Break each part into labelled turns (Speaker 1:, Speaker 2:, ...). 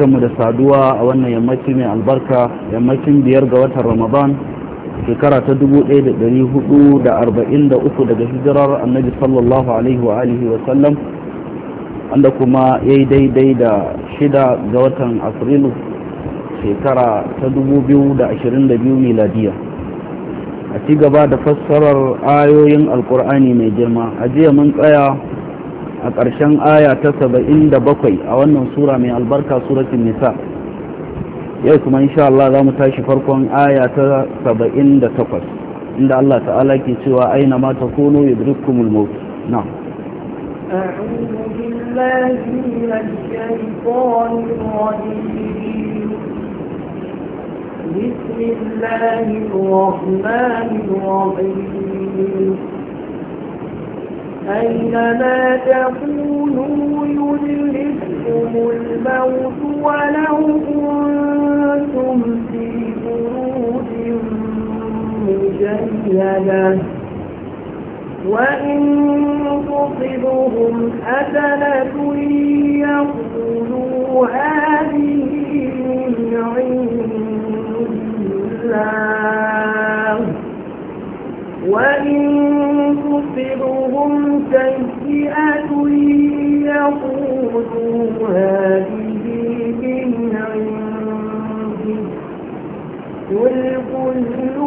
Speaker 1: barkanmu da saduwa a wannan yammacin mai albarka yammacin biyar ga watan ramadan shekara ta dubu da 1443 daga hijirar annabi sallallahu alaihi wa alihi wa sallam wanda kuma ya yi daidai da shida ga watan afrilu shekara ta dubu biyu da da ashirin biyu miladiya a ci gaba da fassarar ayoyin alkur'ani mai girma a jiya mun tsaya a ƙarshen aya ta saba'in da bakwai a wannan sura mai albarka suratun nisa yau kuma insha Allah za mu tashi farkon aya ta saba'in da takwas inda Allah ta'ala ke cewa aina ma ta kono ya dirkum ulmauti na
Speaker 2: بسم الله الرحمن الرحيم أينما تكونوا يدرككم الموت ولو كنتم في بروج مجيدة وإن تصبهم حسنة يقولوا هذه من عند الله وإن تُصِبُهُمْ سيئة يقولوا هذه من عندي قل كل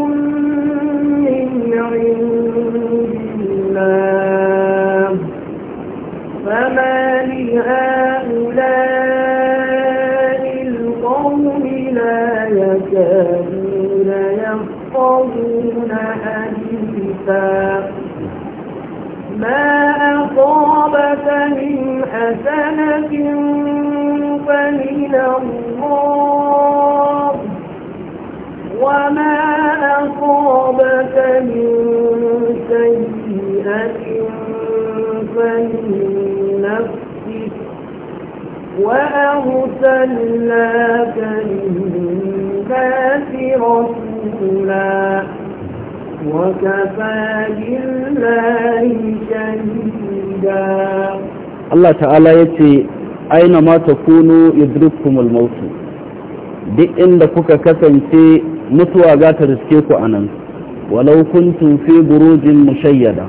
Speaker 2: من عند الله فما لهؤلاء القوم لا يكادون يفقهون حديثا ما أصابك من حسنة فمن الله وما أصابك من سيئة فمن نفسك وأرسلناك للناس رسولا وكفى بالله
Speaker 1: Allah ta'ala ya ce aina mata ta kunu yadrukumul mautu duk inda kuka kasance mutuwa za ta riske ku a nan walau kuntum fi burujin mushayyada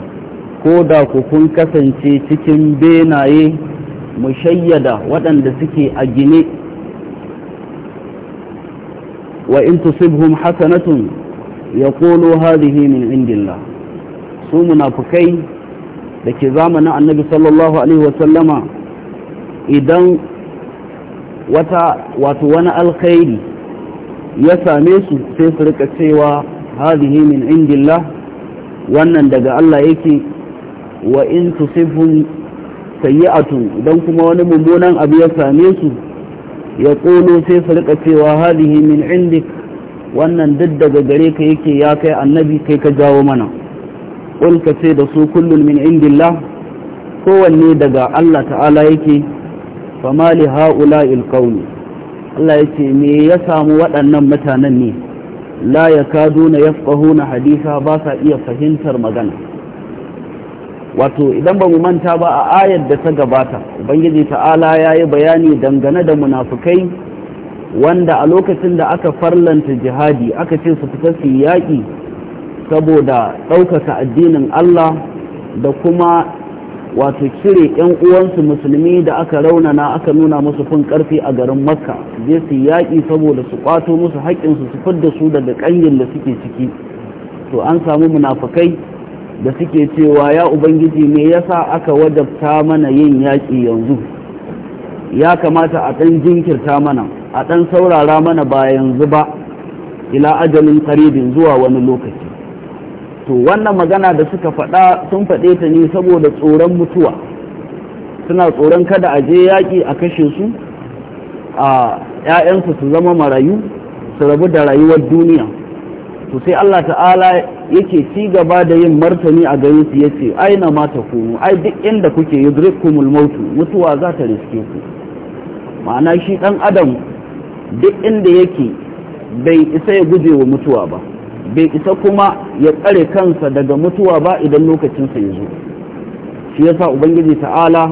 Speaker 1: ko da ku kun kasance cikin benaye mushayyada waɗanda suke a gine wa in tusibhum hasanatun yaqulu hadhihi min indillah su munafukai da ke zamanin annabi sallallahu alaihi wasallama idan wata wato wani alkhairi ya same su sai su rika cewa hadhihi min indillah wannan daga Allah yake wa in tusifhum sayyi'atun idan kuma wani mummunan abu ya same su ya kolo sai su rika cewa hadhihi min indik wannan duk daga gare ka yake ya kai annabi kai ka jawo mana ƙulka ce da su kullum min indillah kowanne daga Allah ta'ala yake fama li ha'ula ilkauni Allah ya ce me ya samu waɗannan mutanen ne la ya kado na ya na hadisa ba sa iya fahimtar magana wato idan ba mu manta ba a ayar da ta gabata ubangiji ta'ala ya yi bayani dangane da munafukai wanda a lokacin da aka farlanta jihadi aka ce su fita su yaƙi saboda ɗaukaka addinin Allah da kuma wato cire 'yan uwansu musulmi da aka raunana aka nuna musu fin ƙarfi a garin makka je su yaƙi saboda su kwato musu haƙƙinsu su fidda su daga ƙangin da suke ciki to an samu munafukai da suke cewa ya ubangiji me yasa aka wajabta mana yin yaƙi yanzu ya kamata a ɗan jinkirta mana a ɗan saurara mana ba yanzu ba ila ajalin karibin zuwa wani lokaci to wannan magana da suka faɗa sun faɗe ta ne saboda tsoron mutuwa suna tsoron kada a je yaƙi a kashe su a ‘ya'yansu su zama marayu su rabu da rayuwar duniya to sai Allah ta'ala yake ci gaba da yin martani a gare su ya ce aina mata ta ai duk inda kuke kumul mautu mutuwa za ta riske ku ma'ana shi ɗan adam duk inda yake bai isa ya guje wa mutuwa ba bai isa kuma ya tsare kansa daga mutuwa ba idan lokacinsa ya zo shi yasa ubangiji ta'ala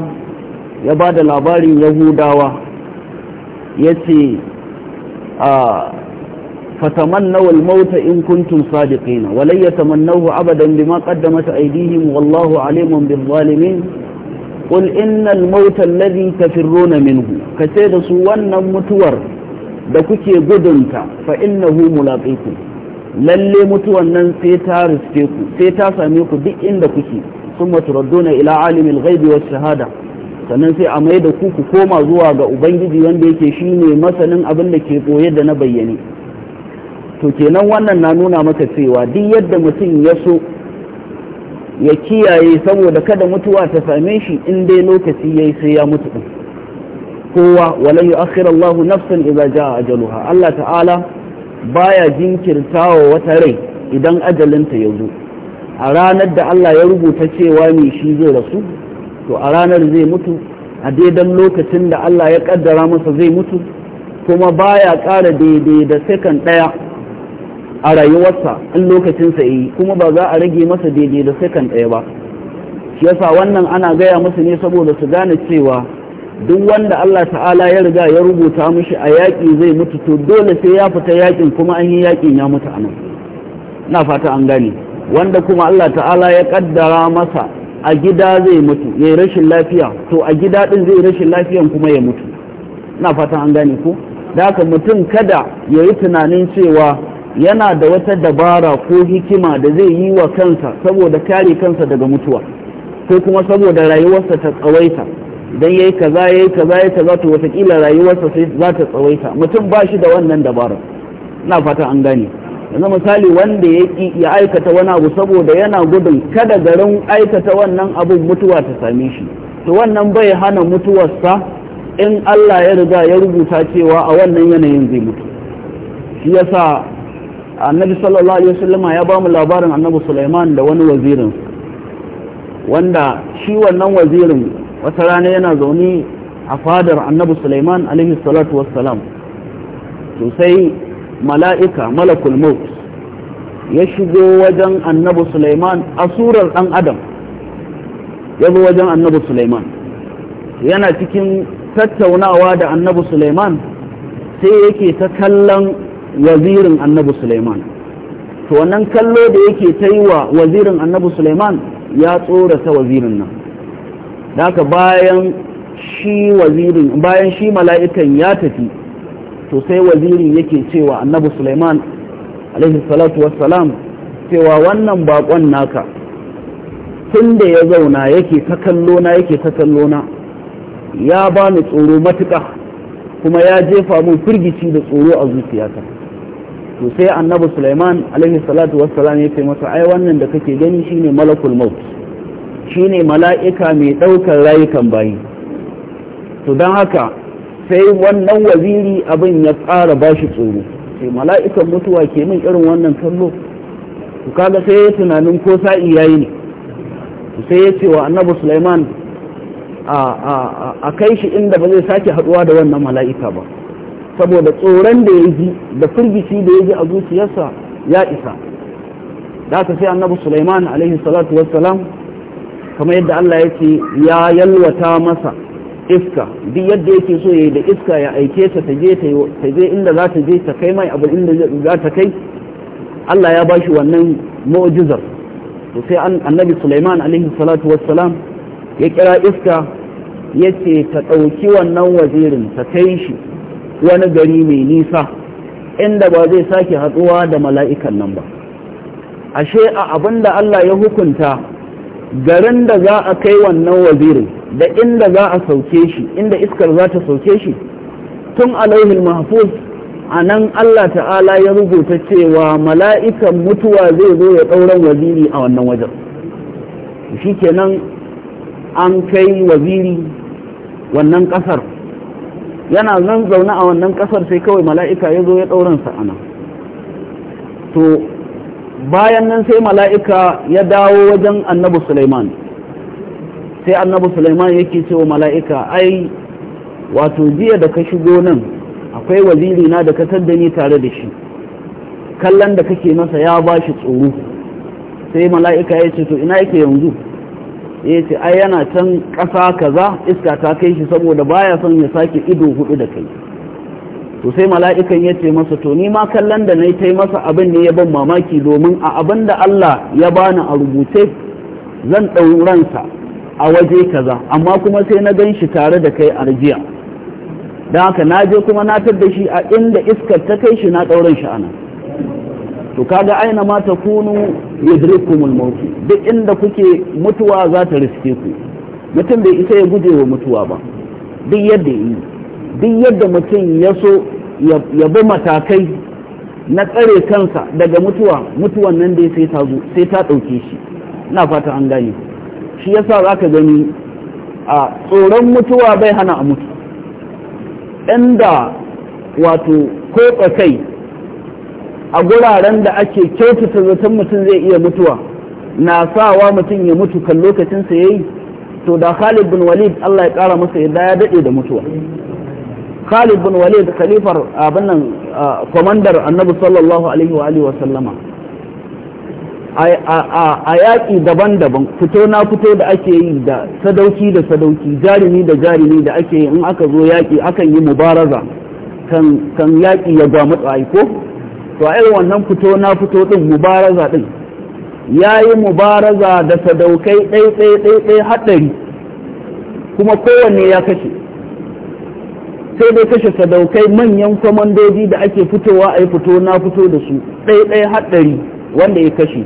Speaker 1: ya ba da labarin yahudawa ya ce a fatamannawa almauta in kuntun sadiqina walai ya tamannahu abadan bima qaddamat aydihim wallahu alimun bil zalimin qul innal mauta alladhi tafirruna minhu kace da su wannan mutuwar da kuke gudunta fa innahu mulaqikum lalle mutuwan nan sai ta riske ku sai ta same ku duk inda kuke sun maturadduna ila alimin ghaibi shahada sannan sai a mai da ku ku koma zuwa ga ubangiji wanda yake shine masanin abin da ke koye da na bayyane to kenan wannan na nuna maka cewa duk yadda mutum ya so ya kiyaye saboda kada mutuwa ta same shi in dai lokaci yayi sai ya mutu din kowa walan yu'akhkhir Allah nafsan idza jaa ajaluha Allah ta'ala baya wa wata rai idan ajalinta ya zo a ranar da Allah ya rubuta cewa ne shi zai rasu to a ranar zai mutu a daidan lokacin da Allah ya kaddara masa zai mutu kuma baya ƙara daidai da sekan ɗaya a rayuwarsa in lokacinsa yi kuma ba za a rage masa daidai da sakan ɗaya ba shi yasa wannan ana gaya musu ne saboda su gane cewa duk wanda Allah ta'ala ya riga ya rubuta mishi a yaƙi zai mutu to dole sai ya fita yaƙin kuma an yi yaƙin ya mutu a nan na fata an gane wanda kuma Allah ta'ala ya kaddara masa a gida zai mutu ya yi rashin lafiya to a gida ɗin zai rashin lafiyan kuma ya mutu na fata an gane ko da haka mutum kada ya yi tunanin cewa yana da wata dabara ko hikima da zai yi wa kansa saboda kare kansa daga mutuwa ko kuma saboda rayuwarsa ta tsawaita idan yayi kaza yayi kaza yayi kaza to watakila rayuwarsa sai za ta tsawaita mutum ba shi da wannan dabarar ina fata an gane yanzu misali wanda ya ya aikata wani abu saboda yana gudun kada garin aikata wannan abun mutuwa ta same shi to wannan bai hana mutuwarsa in Allah ya riga ya rubuta cewa a wannan yanayin zai mutu shi yasa annabi sallallahu alaihi wasallama ya bamu labarin annabi Sulaiman da wani wazirin wanda shi wannan wazirin wata rana yana zaune a fadar annabi Sulaiman alaihi salatu wassalam to sai mala'ika malakul maut ya shigo wajen annabi Sulaiman a surar dan adam ya zo wajen annabi yana cikin tattaunawa da annabi Sulaiman sai yake ta kallon wazirin annabi to wannan kallo da yake ta yi wa wazirin annabi Sulaiman ya tsorata wazirin nan naka bayan shi wazirin bayan shi mala'ikan ya tafi to sai wazirin yake cewa annabi suleiman alaihi salatu wassalam cewa wannan bakon naka tun da ya zauna yake ta kallo na yake ta kallo na ya bani tsoro matuƙa kuma ya jefa mun firgici da tsoro a zuciyata to sai annabi suleiman alaihi salatu wassalam ya ce masa ai wannan da kake gani shine malakul maut Shi ne mala'ika mai ɗaukar rayukan bayi to don haka sai wannan waziri abin ya tsara ba shi tsoro sai mala'ikan mutuwa ke min irin wannan kallo to kaga sai ya tunanin ko sa'i ya yayi ne sai ya ce wa annabi Sulaiman a kai shi inda ba zai sake haɗuwa da wannan mala'ika ba saboda tsoron da ya ji da firgici da ya ji a zuciyarsa ya isa da sai annabi Sulaiman alaihi salatu wassalam kamar yadda Allah ya ce ya yalwata masa iska duk yadda yake so yayi da iska ya aike ta ta je ta je inda za ta je ta kai mai abu inda za ta kai Allah ya bashi wannan mu'jizar to sai annabi Sulaiman alaihi salatu wassalam ya kira iska yace ta dauki wannan wazirin ta kai shi wani gari mai nisa inda ba zai sake hatsuwa da mala'ikan nan ba ashe a abinda Allah ya hukunta garin da za a kai wannan wazirin da inda za a sauke shi inda iskar za ta sauke shi tun alaihul mahfuz a nan Allah ta'ala ya rubuta cewa mala'ikan mutuwa zai zo ya ɗauran waziri a wannan wajen shi kenan an kai waziri wannan ƙasar yana zan zaune a wannan ƙasar sai kawai mala'ika ya zo ya ɗauransa a nan to bayan nan sai mala'ika ya dawo wajen annabi Sulaiman sai annabi Sulaiman yake wa mala'ika ai wato jiya da ka shigo nan akwai waziri na da ka ni tare da shi kallon da kake masa ya ba shi tsoro sai mala'ika ya ce to ina yake yanzu ya ce ai yana can ƙasa kaza iska ta kai shi saboda baya son ya sake ido hudu da kai to sai mala'ikan ya ce masa to ni ma kallon da na yi ta masa abin ne ya ban mamaki domin a abin da Allah ya bani a rubuce zan ɗau ransa a waje kaza amma kuma sai na gan shi tare da kai a arjiya don haka na je kuma na tar da shi a inda iskar ta kai shi na ɗauran shi ana to kaga aina ma ta kunu yadrikumul maut duk inda kuke mutuwa za ta riske ku mutum bai isa ya guje wa mutuwa ba duk yadda ya yi duk yadda mutum ya so ya bi matakai na tsare kansa daga mutuwa mutuwan nan dai sai ta zo sai ta ɗauke shi na fata an gani, shi ya sa za ka gani a tsoron mutuwa bai hana a mutu inda wato ko kai a guraren da ake kyautata zaton mutum zai iya mutuwa na sawa mutum ya mutu kan lokacinsa ya yi to da khalid bin walid allah ya kara masa yadda ya daɗe da mutuwa Khalid bin Walid khalifar uh, abin nan komandar uh, Annabi sallallahu alaihi wa alihi wa sallama a yaƙi daban-daban fito na fito da ake yi da sadauki da sadauki jarumi da jarumi da ake yi in aka zo yaƙi akan yi mubaraza kan yaƙi ya gwamu tsayi ko to a irin wannan fito na fito ɗin mubaraza ɗin ya yi mubaraza da sadaukai ɗai ɗai ɗai ɗai haɗari kuma kowanne ya kashe sai dai kashe sadaukai manyan kwamandoji da ake fitowa a yi fito na fito da su ɗaiɗai haɗari wanda ya kashe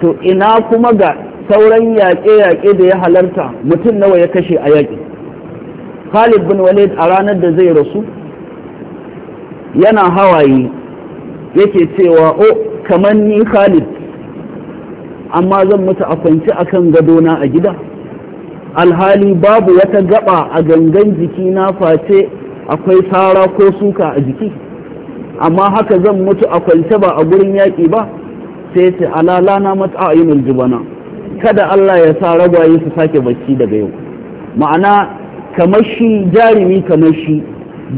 Speaker 1: to ina kuma ga sauran yaƙe-yaƙe da ya halarta mutum nawa ya kashe a yaƙi khalid bin walid a ranar da zai rasu yana hawaye yake cewa o kamar ni khalid amma zan mutu a kwanci a kan gadona a gida alhali babu wata gaba a gangan jiki na face akwai sara ko suka a jiki amma haka zan mutu a kwance ba a gurin yaƙi ba sai ce alala na mat'ayinul jubana kada Allah ya sa ragwaye su sake bacci daga yau ma'ana kamar shi jarumi kamar shi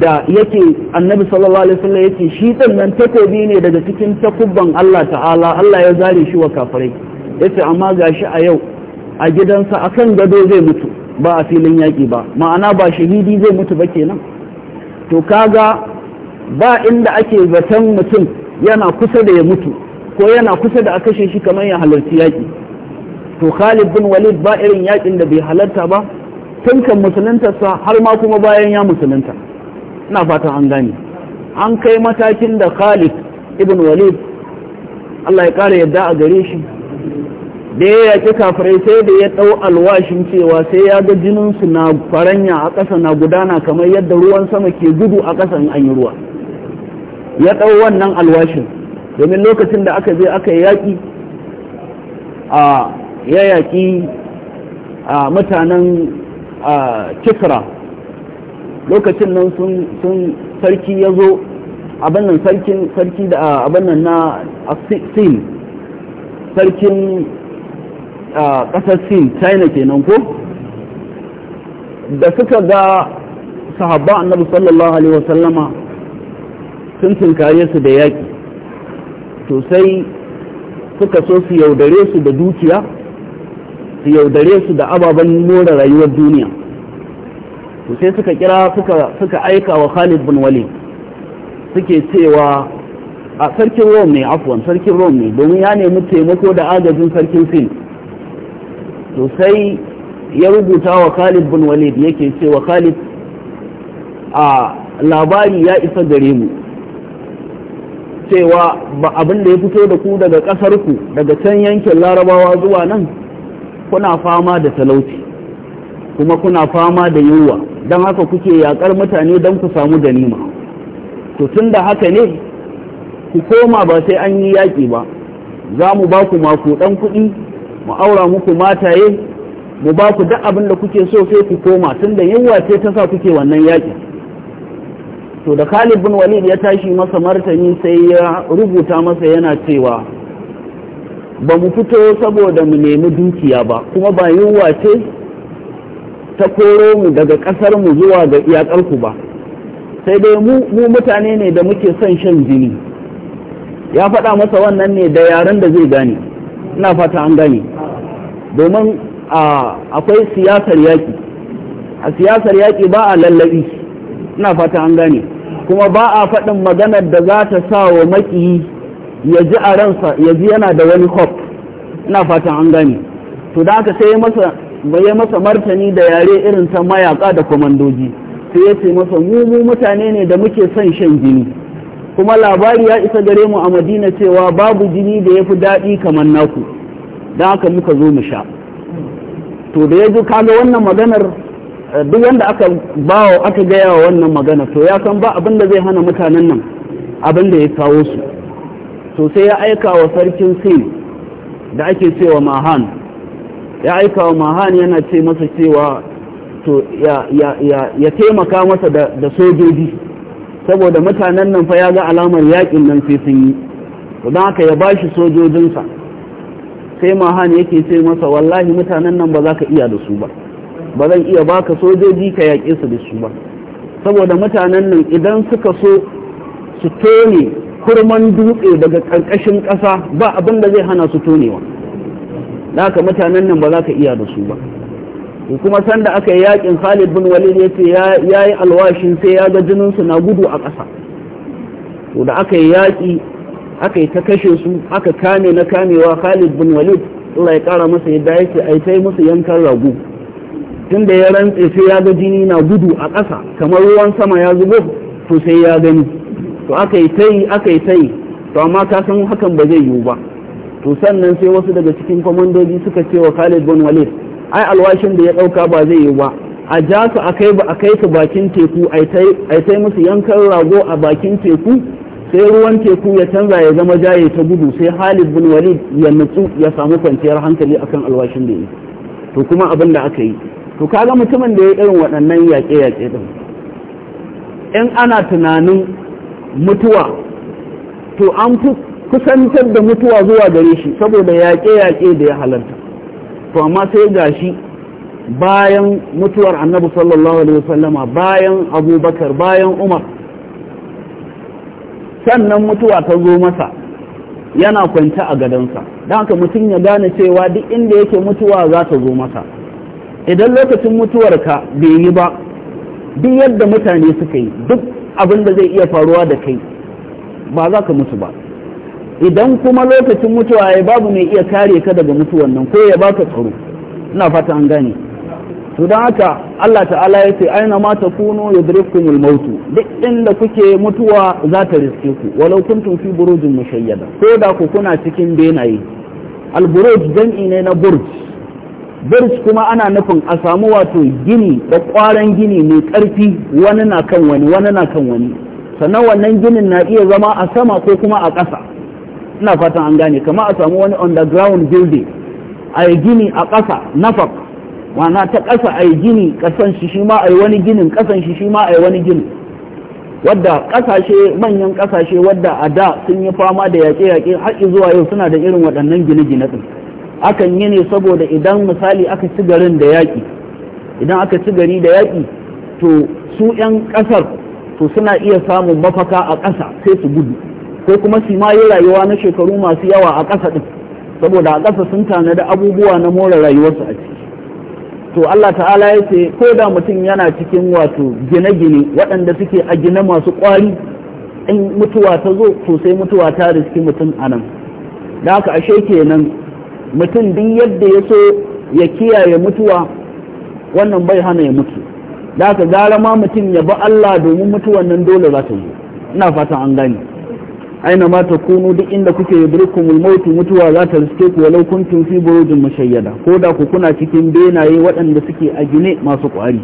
Speaker 1: da yake annabi sallallahu alaihi wasallam yake shi nan takobi ne daga cikin takubban Allah ta'ala Allah ya zare shi wa kafirai yace amma gashi a yau a gidansa akan gado zai mutu ba a filin yaƙi ba ma'ana ba shahidi zai mutu ba kenan to kaga ba inda ake zaton mutum yana kusa da ya mutu ko yana kusa da a kashe shi kamar ya halarci yaƙi to Khalid bin Walid ba irin yaƙin da bai halarta ba tun kan musuluntarsa har ma kuma bayan ya musulunta ina fatan an gane an kai matakin da Khalid ibn Walid Allah ya ƙara yadda a gare shi da ya yaƙi kafirai sai da ya ɗau alwashin cewa sai ya ga jininsu na faranya a ƙasa na gudana kamar yadda ruwan sama ke gudu a ƙasan an yi ruwa ya ɗau wannan alwashin domin lokacin da aka zai aka yaƙi a ya yaƙi a mutanen kisra lokacin nan sun sarki ya zo abinnan sarki da abinnan na sarkin a Ƙasar sin china kenan ko da suka ga sahaba annabi sallallahu alaihi wasallama sun tunkare su da yaƙi to sai suka so su yaudare su da dukiya su yaudare su da ababen more rayuwar duniya to sai suka kira suka aika wa khalid bin wali suke cewa a sarkin rome ne afwan sarkin rome ne domin ya nemi taimako da agajin sarkin sin to sai ya rubuta wa Khalid bin Walid yake cewa Khalid a labari ya isa gare mu cewa ba abin da ya fito da ku daga ƙasarku ku daga can yankin larabawa zuwa nan kuna fama da talauci kuma kuna fama da yuwuwa don haka kuke yakar mutane don ku samu ganima to tun da haka ne ku koma ba sai an yi yaƙi ba za mu ba ku makuɗan kuɗi mu aura muku mataye mu ba ku duk abin da kuke so sai ku koma tun da yunwa ce ta sa kuke wannan yaƙi to da Khalid bin Walid ya tashi masa martani sai ya rubuta masa yana cewa ba mu fito saboda mu nemi dukiya ba kuma ba yunwa ce ta koro mu daga ƙasar mu zuwa ga iyakar ku ba sai dai mu mutane ne da muke son shan jini ya faɗa masa wannan ne da yaran da zai gane ina fata an gane domin akwai siyasar yaƙi a siyasar yaƙi ba a lallabi ina fata an gane kuma ba a faɗin maganar da za ta sa wa maƙi ya ji a ransa ya ji yana da wani hop ina fatan an gane to da haka sai ya masa martani da yare irin ta mayaka da kwamandoji sai ya ce masa mu mutane ne da muke son shan jini kuma labari ya isa gare mu a madina cewa babu jini da ya fi daɗi kamar naku Da aka muka zo mu sha to da ya zo kaga wannan maganar eh, duk wanda aka bawo aka gaya wa wannan magana to ya san ba abin da zai hana mutanen nan abin da ya kawo su to sai ya aika wa sarkin sin da ake cewa mahan ya aika wa mahan yana ce masa cewa to ya taimaka masa da sojoji saboda mutanen nan fa ya ga alamar yakin nan sai sun yi don haka ya bashi sojojinsa sai mahan yake sai masa wallahi mutanen nan ba za ka iya da su ba ba zan iya baka sojoji ka yaƙe su da su ba saboda mutanen nan idan suka so su tone kurman dutse daga ƙarƙashin ƙasa ba abin da zai hana su tonewa da haka mutanen nan ba za ka iya da su ba kuma sanda aka yi yaƙin khalid bin walid ya ce ya yi alwashin sai ya ga jininsu na gudu a ƙasa to da aka yi yaƙi aka yi ta kashe su aka kame na kamewa Khalid bin Walid Allah ya kara masa yadda yake ai sai musu yankan rago tunda ya rantse sai ya ga jini na gudu a ƙasa kamar ruwan sama ya zubo to sai ya gani to aka yi tai aka yi tai to amma ka san hakan ba zai yiwu ba to sannan sai wasu daga cikin kwamandoji suka ce wa Khalid bin Walid ai alwashin da ya ɗauka ba zai yiwu ba a ja su a kai su bakin teku ai sai musu yankan rago a bakin teku sai ruwan teku ya canza ya zama jaye ta gudu sai Halid bin Walid ya nutsu ya samu kwanciyar hankali akan alwashin da yi to kuma abin da aka yi to kaga mutumin da ya irin waɗannan yaƙe-yaƙe din in ana tunanin mutuwa to an fi kusantar da mutuwa zuwa gare shi saboda yaƙe-yaƙe da ya halarta to amma sai gashi bayan mutuwar annabi sallallahu alaihi wasallama bayan abubakar bayan umar sannan mutuwa ta zo masa yana kwance a gadonsa don haka mutum ya gane cewa duk inda yake mutuwa za ta zo masa idan lokacin ka bai yi ba duk yadda mutane suka yi duk abin da zai iya faruwa da kai ba za ka mutu ba idan kuma lokacin mutuwa ya babu mai iya kare ka daga mutuwan nan ko ya baka tsaro ina fata an gane to don haka Allah ta'ala ya ce aina ma takunu yudrikumul mautu duk inda kuke mutuwa za ta riske ku walau kuntun fi burujin mashayyada ko da ku kuna cikin benaye alburuj buruj ne na burj burj kuma ana nufin a samu wato gini da kwaran gini mai karfi wani na kan wani wani na kan wani sannan wannan ginin na iya zama a sama ko kuma a ƙasa ina fatan an gane kama a samu wani underground building a gini a ƙasa nafak wana ta ƙasa a yi gini ƙasan shi shi ma a yi wani ginin ƙasan shi shi ma a yi wani ginin wadda ƙasashe manyan ƙasashe wadda a da sun yi fama da yaƙe-yaƙe har zuwa yau suna da irin waɗannan gine-gine ɗin akan yi ne saboda idan misali aka ci garin da yaƙi idan aka ci gari da yaƙi to su ƴan ƙasar to suna iya samun mafaka a ƙasa sai su gudu ko kuma su ma yi rayuwa na shekaru masu yawa a ƙasa ɗin saboda a ƙasa sun tanadi abubuwa na more rayuwarsu a ciki to Allah ta'ala ya ce ko da mutum yana cikin wato gine-gine waɗanda suke a gine masu ƙwari in mutuwa ta zo to sai mutuwa ta riski mutum a nan da haka ashe kenan mutum duk yadda ya so ya kiyaye mutuwa wannan bai hana ya mutu da haka gara ma mutum ya bi Allah domin mutuwan nan dole za ta zo ina fatan an gani aina ma kunu duk inda kuke yudrikumul mautu mutuwa za ta riske ku walau kuntum fi burujin mushayyada ko da ku kuna cikin benaye waɗanda suke a gine masu ƙwari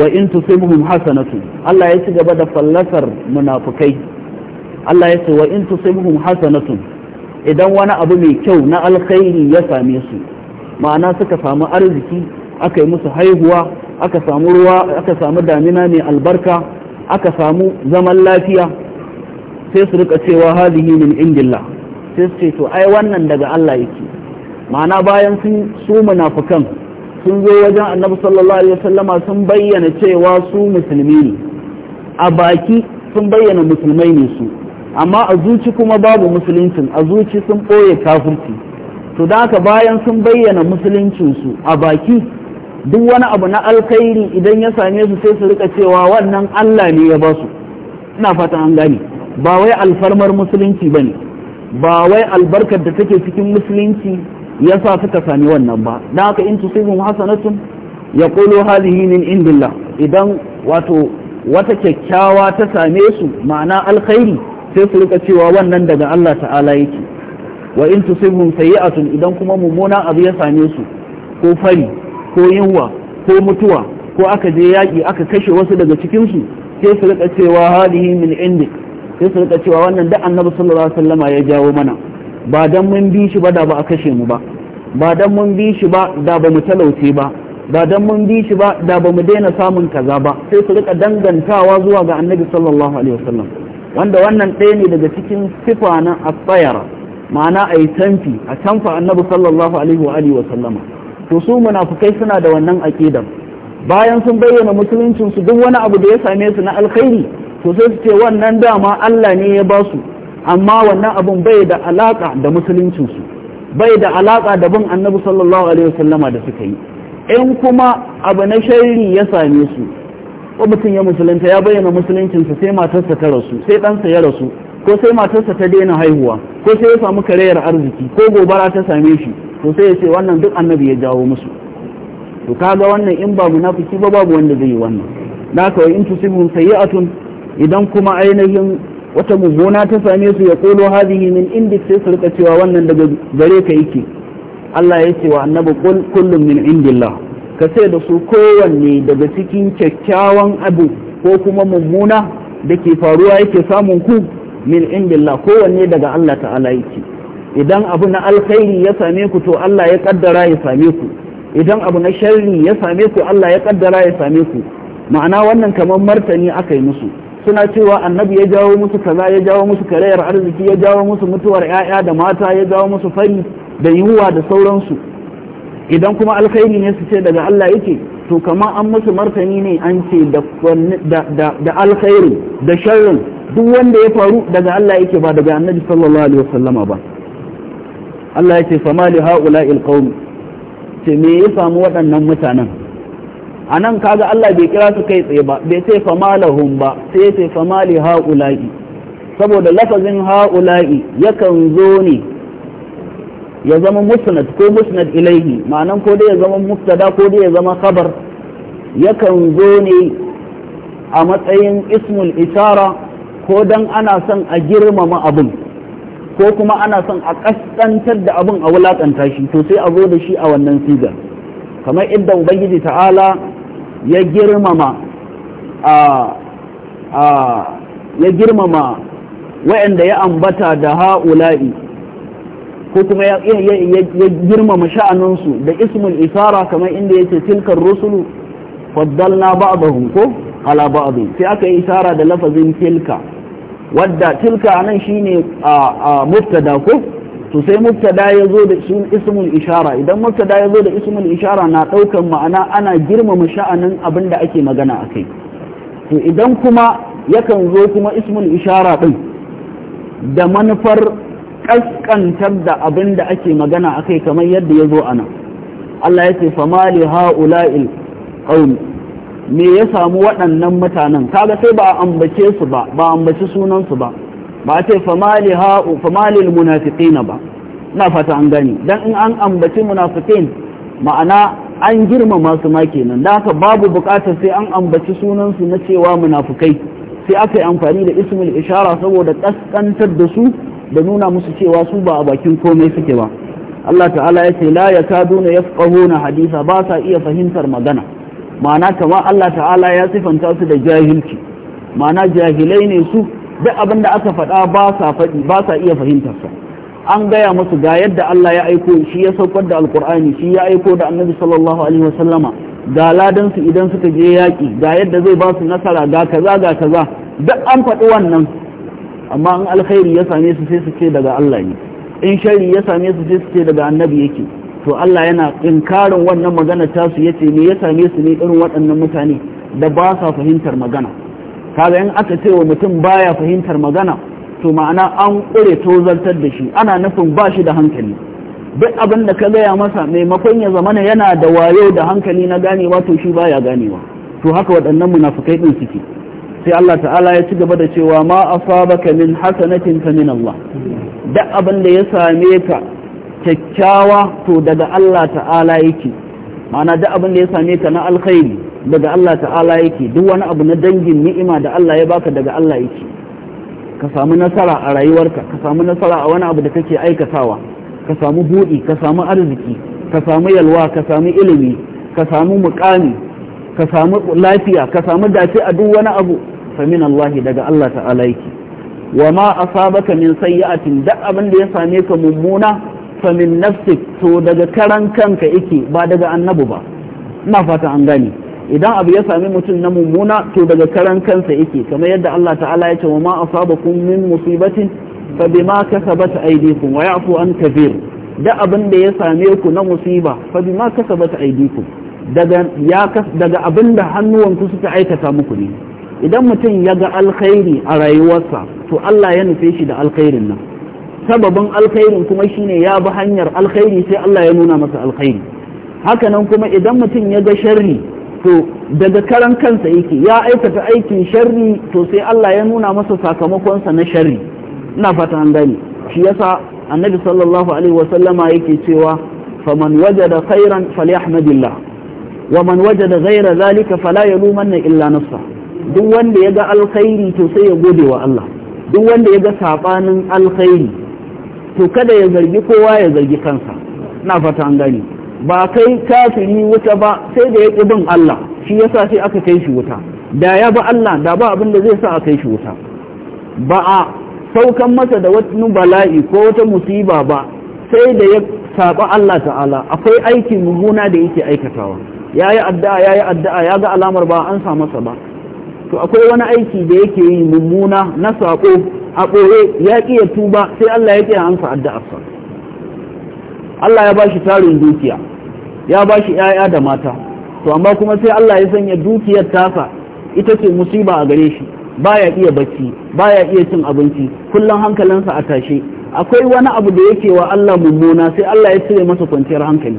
Speaker 1: wa in tusibuhum hasanatu Allah ya ci gaba da fallasar munafukai Allah ya ce wa in tusibuhum hasanatu idan wani abu mai kyau na alkhairi ya same su ma'ana suka samu arziki aka yi musu haihuwa aka samu ruwa aka samu damina mai albarka aka samu zaman lafiya sai su rika cewa hadihi min indillah sai su ce to ai wannan daga Allah yake ma'ana bayan sun su munafikan sun zo wajen annabi sallallahu alaihi wasallama sun bayyana cewa su musulmi ne a baki sun bayyana musulmai ne su amma a zuci kuma babu musuluncin a zuci sun boye kafirci to da haka bayan sun bayyana musuluncin su a baki duk wani abu na alkhairi idan ya same su sai su rika cewa wannan Allah ne ya ba su ina fatan an gane ba wai alfarmar musulunci ba ne ba wai albarkar da take cikin musulunci ya sa suka sami wannan ba da haka in tusibin hasanatun ya kolo halihi min indillah idan wato wata kyakkyawa ta same su ma'ana alkhairi sai su rika cewa wannan daga Allah ta'ala yake wa in tusibun sayi'atun idan kuma mummuna abu ya same su ko fari ko yunwa ko mutuwa ko aka je yaƙi aka kashe wasu daga cikinsu sai su rika cewa halihi min indik sai su rika cewa wannan da annabi sallallahu alaihi wasallama ya jawo mana ba dan mun bi shi ba da ba a kashe mu ba ba dan mun bi shi ba da ba mu talauce ba ba dan mun bi shi ba da ba mu daina samun kaza ba sai su rika dangantawa zuwa ga annabi sallallahu alaihi wasallam wanda wannan ɗaya ne daga cikin sifa na asayara ma'ana a yi tanfi a tanfa annabi sallallahu alaihi wa alihi wasallama to su munafukai suna da wannan aƙidar. bayan sun bayyana musuluncinsu su duk wani abu da ya same su na alkhairi to sai su ce wannan dama Allah ne ya ba su amma wannan abun bai da alaka da musuluncinsu bai da alaka da bin annabi sallallahu alaihi wasallama da suka yi in kuma abu na shari ya same su ko mutum ya musulunta ya bayyana musuluncinsa sai matarsa ta rasu sai ɗansa ya rasu ko sai matarsa ta daina haihuwa ko sai ya samu karayar arziki ko gobara ta same shi to sai ya ce wannan duk annabi ya jawo musu to kaga wannan in ba munafiki ba babu wanda zai yi wannan naka wa in tusibun sayyi'atun idan kuma ainihin wata mummuna ta same su ya kolo hadihi min indik sai su rika cewa wannan daga gare ka yake Allah ya ce wa annabi kullum min indillah ka sai da su kowanne daga cikin kyakkyawan abu ko kuma mummuna da ke faruwa yake samun ku min indillah kowanne daga Allah ta'ala yake idan abu na alkhairi ya same ku to Allah ya kaddara ya same ku idan abu na sharri ya same ku Allah ya kaddara ya same ku ma'ana wannan kamar martani aka yi musu suna cewa annabi ya jawo musu kaza ya jawo musu karayar arziki ya jawo musu mutuwar 'ya'ya da mata ya jawo musu fari da yiwuwa da sauransu idan kuma alkhairi ne su ce daga Allah yake to kama an musu martani ne an ce da alkhairi da sharrin duk wanda ya faru daga Allah yake ba daga annabi sallallahu alaihi wasallama ba Allah ya ce fama li haula il ce me ya samu waɗannan mutanen a nan kaga Allah bai kira su kai tsaye ba bai sai famalahum ba sai ya famali ha'ula'i saboda lafazin ha'ula'i yakan zo ne ya zama musnad ko musnad ilaihi ma'anan ko dai ya zama muftada ko dai ya zama khabar yakan zo ne a matsayin ismul isara ko dan ana son a girmama abin ko kuma ana son a kaskantar da abin a wulakanta shi to sai a zo da shi a wannan sigar kamar idan ubangiji ta'ala ya girmama a a ya girmama wa'anda ya ambata da ha'ula'i ko kuma ya girmama sha'aninsu da ismul isara kamar inda yake tilkar rusulu faddalna ba'dahum ko ala ba'dhi sai aka yi isara da lafazin tilka wadda tilka anan shine a mubtada ko to sai mubtada ya zo da ismul ishara idan mubtada ya zo da ismul ishara na ɗaukan ma'ana ana girmama sha'anin abin da ake magana akai, to idan kuma yakan zo kuma ismul ishara ɗin da manufar ƙasƙantar da abin da ake magana akai kamar yadda ya zo ana Allah ya ce Famali ha'ula'il qaum me ya samu waɗannan mutanen kaga sai ba a ambace su ba ba a ambaci sunan su ba ba ce famali ha'u famali munafiqina ba ina fata an gani dan in an ambaci munafiqin ma'ana an girmama su ma kenan da haka babu bukatar sai an ambaci sunan su na cewa munafikai sai aka yi amfani da ismul ishara saboda kaskantar da su da nuna musu cewa su ba a bakin komai suke ba Allah ta'ala ya ce la yakaduna yafqahuna hadisa ba sa iya fahimtar magana ma'ana kamar Allah ta'ala ya sifanta su da jahilci ma'ana jahilai ne su duk abin da aka faɗa ba sa faɗi ba sa iya fahimtarsa an gaya musu ga yadda Allah ya aiko shi ya saukar da alkur'ani shi ya aiko da annabi sallallahu alaihi wasallama ga ladansu idan suka je yaƙi ga yadda zai ba su nasara ga kaza ga kaza duk an faɗi wannan amma in alkhairi ya same su sai su ce daga Allah ne in shari ya same su sai su ce daga annabi yake to Allah yana inkarin wannan magana su yace me ya same su ne irin waɗannan mutane da ba sa fahimtar magana kaga in aka ce wa mutum baya fahimtar magana to ma'ana an ƙure tozartar da shi ana nufin ba shi da hankali duk abin da ka gaya masa maimakon ya zamana yana da wayo da hankali na ganewa to shi baya ganewa to haka waɗannan munafukai ɗin suke sai Allah ta'ala ya ci gaba da cewa ma asabaka min hasanatin fa min Allah duk abin da ya same ka kyakkyawa to daga Allah ta'ala yake ma'ana duk abin da ya same ka na alkhairi daga Allah ta'ala yake duk wani abu na dangin ni'ima da Allah ya baka daga Allah yake ka samu nasara a rayuwarka ka samu nasara a wani abu da kake aikatawa ka samu buɗi ka samu arziki ka samu yalwa ka samu ilimi ka samu muƙami ka samu lafiya ka samu dace a duk wani abu fa Allah daga Allah ta'ala yake wa ma asabaka min sayyatin duk abin da ya same ka mummuna famin nafsik to daga karan kanka yake ba daga annabu ba ina fata an gani. idan abu ya sami mutum na mummuna to daga karan kansa yake kamar yadda Allah ta'ala ya ce wa ma asabakum min musibatin fa bima kasabat aydikum wa ya'fu an kabir da abin da ya same ku na musiba fa bima kasabat aydikum daga ya daga abin da hannuwanku suka aikata muku ne idan mutum ya ga alkhairi a rayuwarsa to Allah ya nufe shi da alkhairin nan sababin alkhairin kuma shine ya bi hanyar alkhairi sai Allah ya nuna masa alkhairi hakanan kuma idan mutum ya ga sharri to daga karan kansa yake ya aikata aikin sharri to sai Allah ya nuna masa sakamakonsa na sharri ina fata an gani shi yasa annabi sallallahu alaihi wasallama yake cewa faman wajada khairan falyahmadillah wa man wajada ghayra zalika fala yalumanna illa nafsa duk wanda ya ga alkhairi to sai ya gode wa Allah duk wanda ya ga sabanin alkhairi to kada ya zargi kowa ya zargi kansa na fata an gani ba kai kafiri wuta ba sai da ya ƙi bin Allah shi yasa sai aka kai shi wuta da ya bi Allah da ba abin da zai sa a kai shi wuta ba a saukan masa da wani bala'i ko wata musiba ba sai da ya saba Allah ta'ala akwai aikin mummuna da yake aikatawa yayi addu'a yayi addu'a ya ga alamar ba an sa masa ba to akwai wani aiki da yake yi mummuna na saƙo a ɓoye ya ƙi ya tuba sai Allah ya ƙi ya amsa addu'arsa Allah ya bashi tarin dukiya ya bashi ‘ya'ya da mata to amma kuma sai Allah ya sanya dukiyar tasa ita ce musiba a gare shi baya iya bacci baya iya cin abinci kullum hankalinsa a tashe akwai wani abu da yake wa Allah mummuna sai Allah ya cire masa kwanciyar hankali